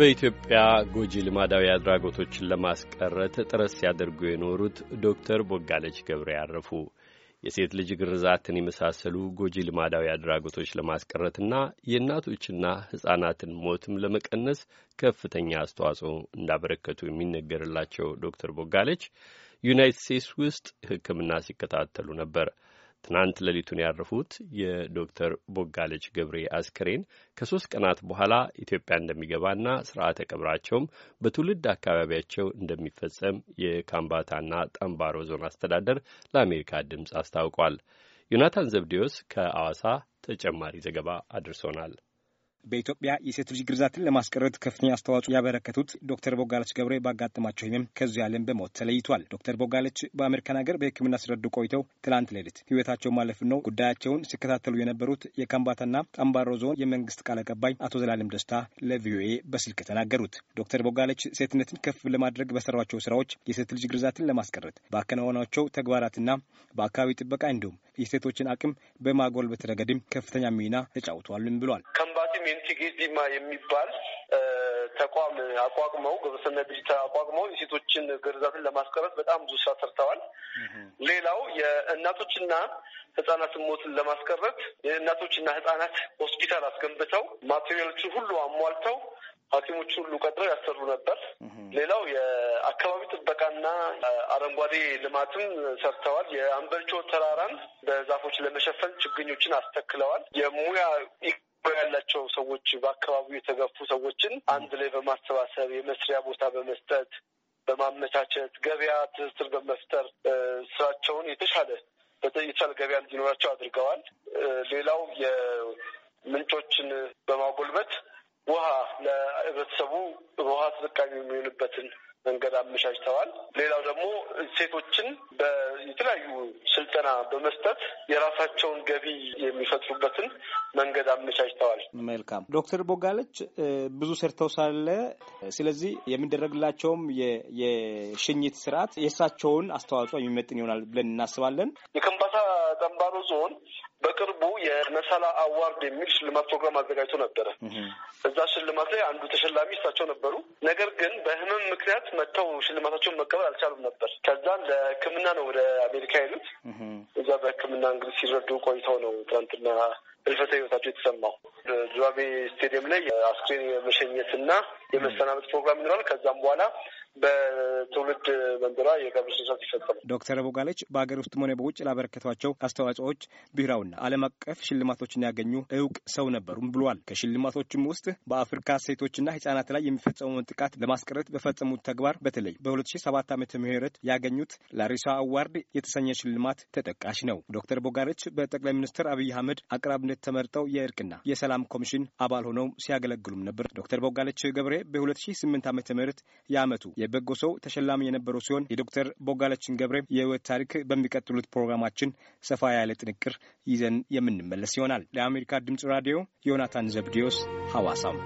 በኢትዮጵያ ጎጂ ልማዳዊ አድራጎቶችን ለማስቀረት ጥረት ሲያደርጉ የኖሩት ዶክተር ቦጋለች ገብረ ያረፉ የሴት ልጅ ግርዛትን የመሳሰሉ ጎጂ ልማዳዊ አድራጎቶች ለማስቀረትና የእናቶችና ሕፃናትን ሞትም ለመቀነስ ከፍተኛ አስተዋጽኦ እንዳበረከቱ የሚነገርላቸው ዶክተር ቦጋለች ዩናይትድ ስቴትስ ውስጥ ሕክምና ሲከታተሉ ነበር። ትናንት ሌሊቱን ያረፉት የዶክተር ቦጋለች ገብሬ አስክሬን ከሶስት ቀናት በኋላ ኢትዮጵያ እንደሚገባና ስርዓተ ቀብራቸውም በትውልድ አካባቢያቸው እንደሚፈጸም የካምባታና ጠምባሮ ዞን አስተዳደር ለአሜሪካ ድምፅ አስታውቋል። ዮናታን ዘብዴዎስ ከአዋሳ ተጨማሪ ዘገባ አድርሶናል። በኢትዮጵያ የሴት ልጅ ግርዛትን ለማስቀረት ከፍተኛ አስተዋጽኦ ያበረከቱት ዶክተር ቦጋለች ገብሬ ባጋጠማቸው ህመም ከዚህ ዓለም በሞት ተለይቷል። ዶክተር ቦጋለች በአሜሪካን ሀገር በሕክምና ሲረዱ ቆይተው ትላንት ሌሊት ህይወታቸው ማለፍ ነው። ጉዳያቸውን ሲከታተሉ የነበሩት የካምባታና አምባሮ ዞን የመንግስት ቃል አቀባይ አቶ ዘላለም ደስታ ለቪኦኤ በስልክ ተናገሩት። ዶክተር ቦጋለች ሴትነትን ከፍ ለማድረግ በሰሯቸው ስራዎች የሴት ልጅ ግርዛትን ለማስቀረት ባከናወኗቸው ተግባራትና በአካባቢ ጥበቃ እንዲሁም የሴቶችን አቅም በማጎልበት ረገድም ከፍተኛ ሚና ተጫውተዋልም ብሏል። ፔንቲጌዚማ የሚባል ተቋም አቋቁመው ግብረሰና ድርጅት አቋቁመው የሴቶችን ግርዛትን ለማስቀረት በጣም ብዙ ስራ ሰርተዋል። ሌላው የእናቶችና ህጻናት ሞትን ለማስቀረት የእናቶችና ህጻናት ሆስፒታል አስገንብተው ማቴሪያሎችን ሁሉ አሟልተው ሐኪሞች ሁሉ ቀጥረው ያሰሩ ነበር። ሌላው የአካባቢ ጥበቃና አረንጓዴ ልማትም ሰርተዋል። የአንበርቾ ተራራን በዛፎች ለመሸፈን ችግኞችን አስተክለዋል። የሙያ ያላቸው ሰዎች በአካባቢው የተገፉ ሰዎችን አንድ ላይ በማሰባሰብ የመስሪያ ቦታ በመስጠት በማመቻቸት ገበያ ትስስር በመፍጠር ስራቸውን የተሻለ በተይቻል ገበያ እንዲኖራቸው አድርገዋል። ሌላው የምንጮችን በማጎልበት ውሃ ለህብረተሰቡ ውሃ ተጠቃሚ የሚሆንበትን መንገድ አመቻችተዋል። ሌላው ደግሞ ሴቶችን የተለያዩ ስልጠና በመስጠት የራሳቸውን ገቢ የሚፈጥሩበትን መንገድ አመቻችተዋል። መልካም ዶክተር ቦጋለች ብዙ ሰርተው ሳለ ስለዚህ የሚደረግላቸውም የሽኝት ስርዓት የእሳቸውን አስተዋጽኦ የሚመጥን ይሆናል ብለን እናስባለን። የከምባታ ጠንባሮ ዞን በቅርቡ የመሰላ አዋርድ የሚል ሽልማት ፕሮግራም አዘጋጅቶ ነበረ። እዛ ሽልማት ላይ አንዱ ተሸላሚ እሳቸው ነበሩ። ነገር ግን በህመም ምክንያት መጥተው ሽልማታቸውን መቀበል አልቻሉም ነበር። ከዛም ለሕክምና ነው ወደ አሜሪካ ሄዱት። እዛ በሕክምና እንግዲህ ሲረዱ ቆይተው ነው ትናንትና ህልፈተ ህይወታቸው የተሰማው። ዙባቤ ስቴዲየም ላይ አስክሬን እና የመሰናበት ፕሮግራም ይኖራል። ከዛም በኋላ በትውልድ መንደራ የቀብር ስርዓት ይፈጸማል። ዶክተር ቦጋለች በሀገር ውስጥም ሆነ በውጭ ላበረከቷቸው አስተዋጽኦዎች ብሔራዊና ዓለም አቀፍ ሽልማቶችን ያገኙ እውቅ ሰው ነበሩም ብሏል። ከሽልማቶችም ውስጥ በአፍሪካ ሴቶችና ህጻናት ላይ የሚፈጸመውን ጥቃት ለማስቀረት በፈጸሙት ተግባር በተለይ በ2007 ዓ ምህረት ያገኙት ላሪሳ አዋርድ የተሰኘ ሽልማት ተጠቃሽ ነው። ዶክተር ቦጋለች በጠቅላይ ሚኒስትር አብይ አህመድ አቅራቢነት ተመርጠው የእርቅና የሰላም ኮሚሽን አባል ሆነው ሲያገለግሉም ነበር። ዶክተር ቦጋለች ገብሬ በ2008 ዓ ም የአመቱ የበጎ ሰው ተሸላሚ የነበረው ሲሆን የዶክተር ቦጋለችን ገብሬ የህይወት ታሪክ በሚቀጥሉት ፕሮግራማችን ሰፋ ያለ ጥንቅር ይዘን የምንመለስ ይሆናል። ለአሜሪካ ድምፅ ራዲዮ ዮናታን ዘብዲዮስ ሐዋሳም